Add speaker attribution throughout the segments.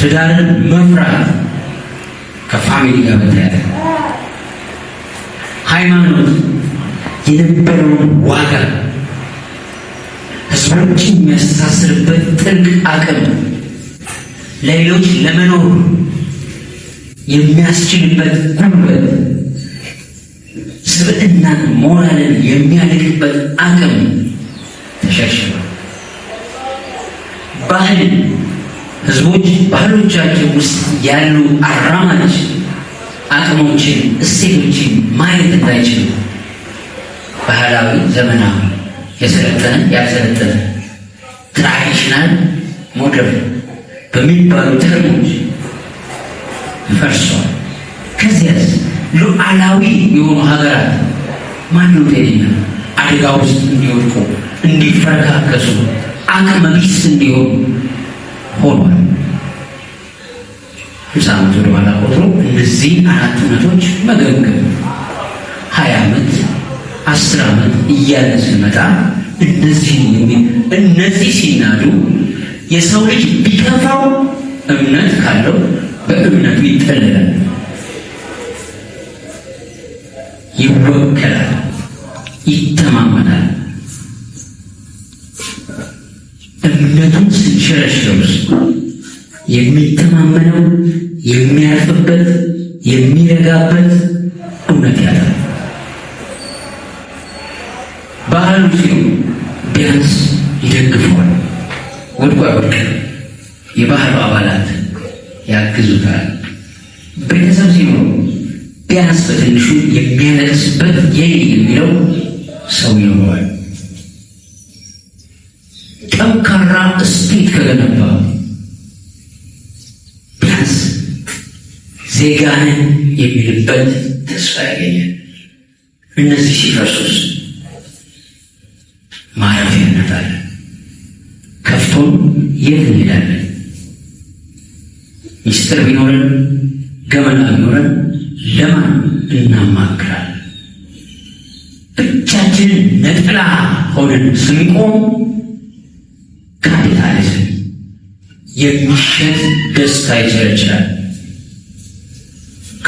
Speaker 1: ትዳርን መፍራት ከፋሚሊ ጋር በተያያዘ ሃይማኖት የነበረውን ዋጋ ህዝቦችን የሚያስተሳስርበት ጥልቅ አቅም ለሌሎች ለመኖር የሚያስችልበት ጉልበት ስብዕናን ሞራልን የሚያደግበት አቅም ተሸርሽሯል። ባህል ህዝቦች ባህሎቻቸው ውስጥ ያሉ አራማጅ አቅሞችን፣ እሴቶችን ማየት እንዳይችሉ ባህላዊ፣ ዘመናዊ፣ የሰለጠነ፣ ያልሰለጠነ፣ ትራዲሽናል፣ ሞደር በሚባሉ ተርሞች ፈርሷል። ከዚያስ ሉዓላዊ የሆኑ ሀገራት ማነው ጤነኛ አደጋ ውስጥ እንዲወድቁ እንዲፈረካከሱ አቅመ እንዲሆኑ ሆኗል። ሃምሳ ዓመት ወደኋላ ቆጥሮ እነዚህ አራት እውነቶች መገምገም ሀያ ዓመት አስር ዓመት እያለ ስንመጣ እነዚህ እነዚህ ሲናዱ የሰው ልጅ ቢከፋው እምነት ካለው በእምነቱ ይጠለላል፣ ይወከላል። የሚተማመነው የሚያርፍበት የሚረጋበት እውነት ያለ ባህሉ ሲሆን ቢያንስ ይደግፈዋል። ወድቆ ወድቅ የባህሉ አባላት ያግዙታል። ቤተሰብ ሲኖሩ ቢያንስ በትንሹ የሚያለቅስበት የይ የሚለው ሰው ይኖረዋል። ጠንካራ እስቴት ከገነባ ዜጋን የሚልበት ተስፋ ያገኘ እነዚህ ሲፈርሱስ ማረፊያ አለ። ከፍቶን የት እንሄዳለን? ሚስጥር ቢኖረን ገመና ቢኖረን ለማን እናማክራለን? ብቻችንን ነጥላ ሆነን ስንቆም ካፒታሊዝም ደስታ ገጽታ ይችላል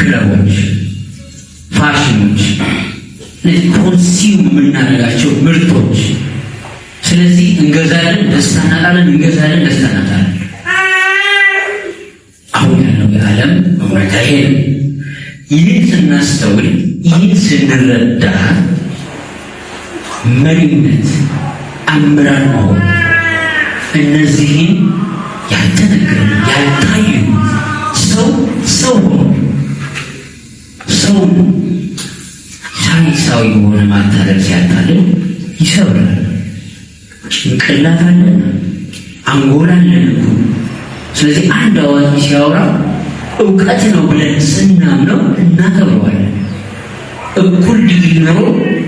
Speaker 1: ክለቦች፣ ፋሽኖች፣ እነዚህ የምናደርጋቸው ምርቶች። ስለዚህ እንገዛለን፣ ደስታ እናጣለን፣ እንገዛለን፣ ደስታ እናጣለን። አሁን ያለው የዓለም እውነታ ይሄ ነው። ይህን ስናስተውል፣ ይህን ስንረዳ መሪነት፣ አምራን መሆን እነዚህን ያልተነገሩ ያልታዩ ሰው ሰው ሰው ሳይንሳዊ በሆነ ማታለል ሲያታልል ይሰብራል። ጭንቅላት አለ አንጎል አለን። ስለዚህ አንድ አዋቂ ሲያወራ እውቀት ነው ብለን ስናምነው እናከብረዋለን። እኩል ድግል ኖሮ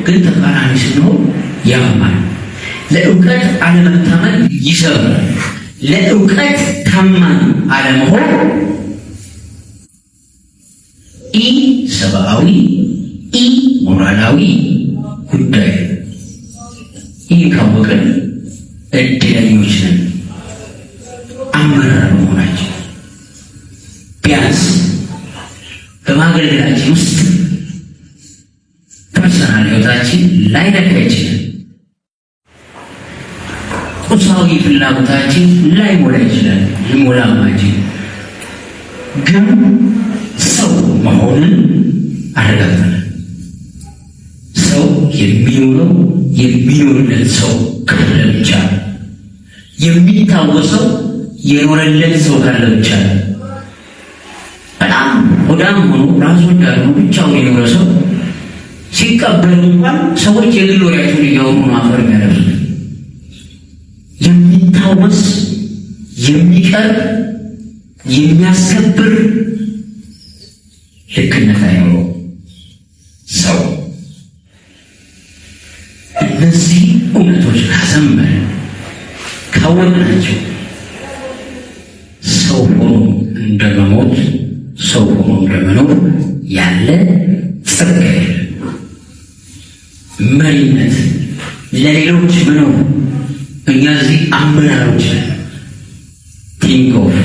Speaker 1: ግን ተቃራኒ ስንሆን ያማል። ለእውቀት አለመታመን ይሰብራል። ለእውቀት ታማኝ አለመሆን ኢ ሰብአዊ፣ ኢ ሞራላዊ ጉዳይ ይህ ካወቀን እድለኞች ነን። አመራር መሆናችን ቢያንስ በማገልገላችን ውስጥ ፐርሰናል ህይወታችን ላይነካ ይችላል። ቁሳዊ ፍላጎታችን ላይሞላ ይችላል። ሊሞላማችን ግን መሆኑን አረጋግጠናል። ሰው የሚኖረው የሚኖርለት ሰው ካለ ብቻ ነው። የሚታወሰው የኖረለት ሰው ካለ ብቻ ነው። በጣም ወዳም ሆኖ ራሱ ወዳድ ሆኖ ብቻውን የኖረ ሰው ሲቀበሉ እንኳን ሰዎች የግል ወሬያቸውን እያወሩ ማፈር የሚያደርሱት የሚታወስ የሚቀርብ የሚያስከብር ልክነት አይኖረው ሰው እነዚህ እውነቶች ካሰመረ ካወቅናቸው ሰው ሆኖ እንደመሞት ሰው ሆኖ እንደመኖር ያለ ጽድቅ መሪነት ለሌሎች መኖር እኛ እዚህ አመራሮች ቲንክ ኦፍ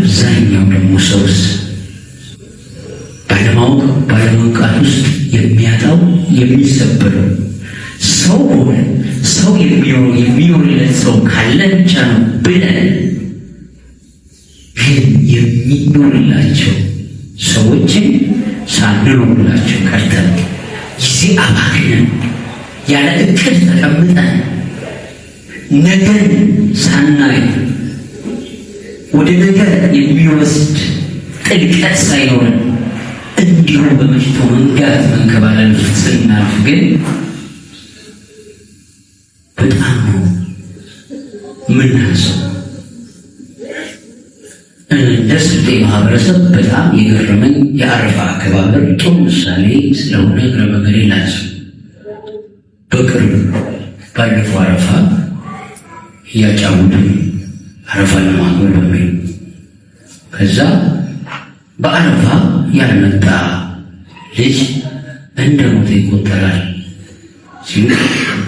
Speaker 1: አብዛኛው ደግሞ ሰውስ ባለማወቅ ባለመንቃት ውስጥ የሚያጣው የሚሰበረው ሰው ሆነ ሰው የሚኖርለት ሰው ካለ ብቻ ነው ብለን ግን የሚኖርላቸው ሰዎችን ሳንኖርላቸው ቀርተን ጊዜ አባክነን ያለ እቅድ ተቀምጠን ነገን ሳናይ ወደ ነገር የሚወስድ ጥልቀት ሳይኖረን እንዲሁ በመሽቶ መንጋት መንከባለል ስናልፍ ግን በጣም ነው ምናሰው። እንደ ስልጤ ማህበረሰብ በጣም የገረመኝ የአረፋ አከባበር ጥሩ ምሳሌ ስለሆነ እግረ መንገዴ በቅርብ ባለፈው አረፋ እያጫወትን አረፋ ለማክበር በሚል ከዛ በአረፋ ያልመጣ ልጅ እንደ ሞተ ይቆጠራል ሲሉ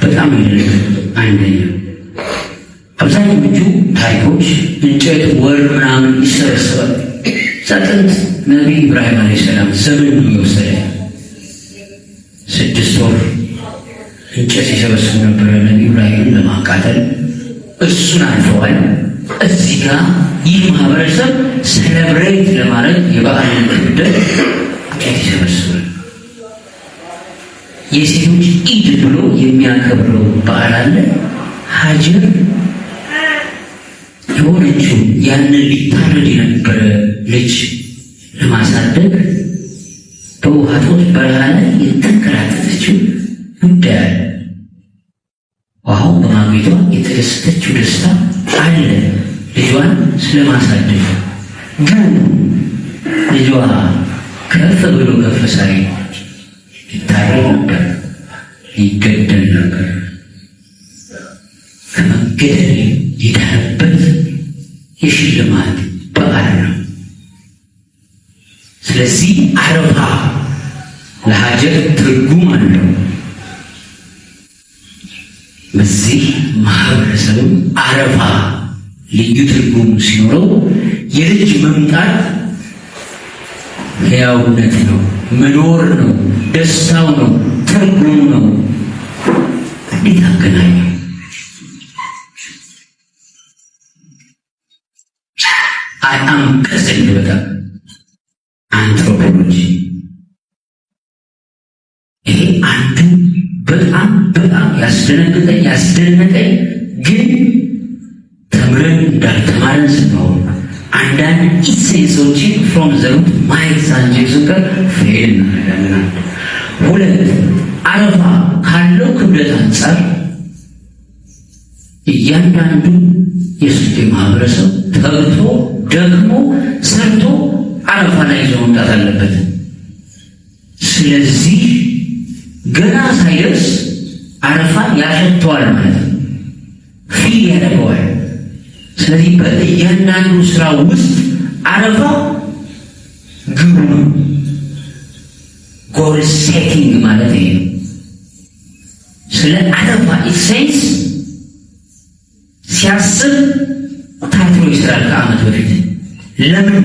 Speaker 1: በጣም ይደነቅ አንደኛ አብዛኞቹ ታሪኮች እንጨት ወር ምናምን ይሰበሰባል። ጸጥንት ነቢ ኢብራሂም አለይሂ ሰላም ዘመን የወሰደ። ስድስት ወር እንጨት ይሰበስቡ ነበረ ነቢ ኢብራሂምን ለማቃጠል እሱን አልፈዋል። እዚህ ጋር ይህ ማህበረሰብ ሴሌብሬት ለማድረግ የበዓልን ጉዳይ ቄት ይሰበስባል። የሴቶች ኢድ ብሎ የሚያከብረው በዓል አለ። ሀጀር የሆነችው ያንን ሊታረድ የነበረ ልጅ ለማሳደግ በውሃ ጦት በረሃ ላይ የተንከራተተችው ጉዳይ አለ። ውሃው በማግኘቷ የተደሰተችው ደስታ አለ። ልጇን ስለማሳደግ ግን ልጇ ከፍ ብሎ ከፍ ሳይ ይታረድ ነበር፣ ይገደል ነበር። ከመገደል የዳነበት የሽልማት በዓል ነው። ስለዚህ አረፋ ለሀጀር ትርጉም አለው። በዚህ ማህበረሰብም አረፋ ልዩ ትርጉም ሲኖረው የልጅ መምጣት ሕያውነት ነው፣ መኖር ነው፣ ደስታው ነው፣ ትርጉም ነው። እንዴት አገናኘ? በጣም ቀዘኝ በጣም አንትሮፖሎጂ ይሄ አንድ በጣም በጣም ያስደነግጠኝ ያስደነቀኝ ግን ተማረን ስናወራ አንዳንድ ኢሴንሶችን ፍሮም ዘሩ ማየት ሳንችል ስንቀር ፌል እናደርጋለን። ሁለት አረፋ ካለው ክብደት አንጻር እያንዳንዱ የሱቴ ማህበረሰብ ተግቶ ደግሞ ሰርቶ አረፋ ላይ ይዞ መምጣት አለበት። ስለዚህ ገና ሳይደርስ አረፋ ያሸተዋል ማለት ነው፣ ፊል ያደርገዋል። ስለዚህ በእያንዳንዱ ስራ ውስጥ አረፋ ግቡ ነው። ጎል ሴቲንግ ማለት ይሄ ነው። ስለ አረፋ ኢሴንስ ሲያስብ ታትሮ ይስራል። ከአመት በፊት ለምን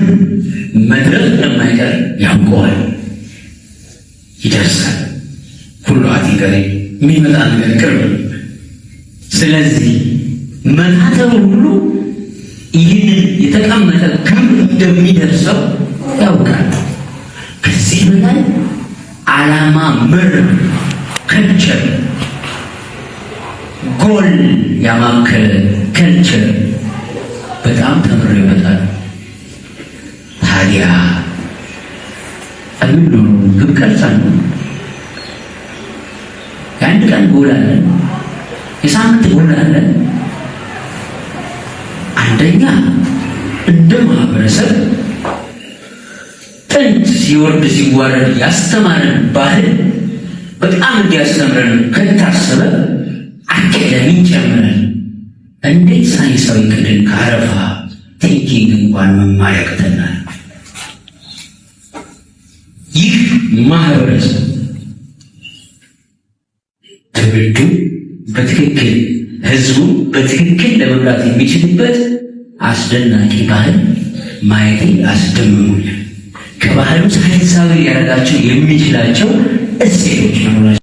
Speaker 1: መድረክ እንደማይቀር ያውቀዋል፣ ይደርሳል። ሁሉ አቲቀሪ የሚመጣ ነገር ቅርብ ስለዚህ መታተሩ ሁሉ ይህንን የተቀመጠ ግብ እንደሚደርሰው ያውቃል። ከዚህ በላይ ዓላማ ምር ከልቸር ጎል ያማከለ ከልቸር በጣም ተምሮ ይመጣል። ታዲያ ምን ነው ግብ የአንድ ቀን ጎል አለን፣ የሳምንት ጎል አለን። አንደኛ እንደ ማህበረሰብ ጥንት ሲወርድ ሲዋረድ ያስተማረን ባህል በጣም እንዲያስተምረን ከታሰበ አካዳሚ ይጨምራል። እንዴት ሳይንሳዊ ክልል ከአረፋ ቲንኪንግ እንኳን መማር ያቅተናል? ይህ ማህበረሰብ ትውልዱ በትክክል ህዝቡ በትክክል ለመምራት የሚችልበት አስደናቂ ባህል ማየቴ አስደምሞኛል። ከባህሉ ሳይንሳዊ ያደረጋቸው የሚችላቸው እሴቶች ነው።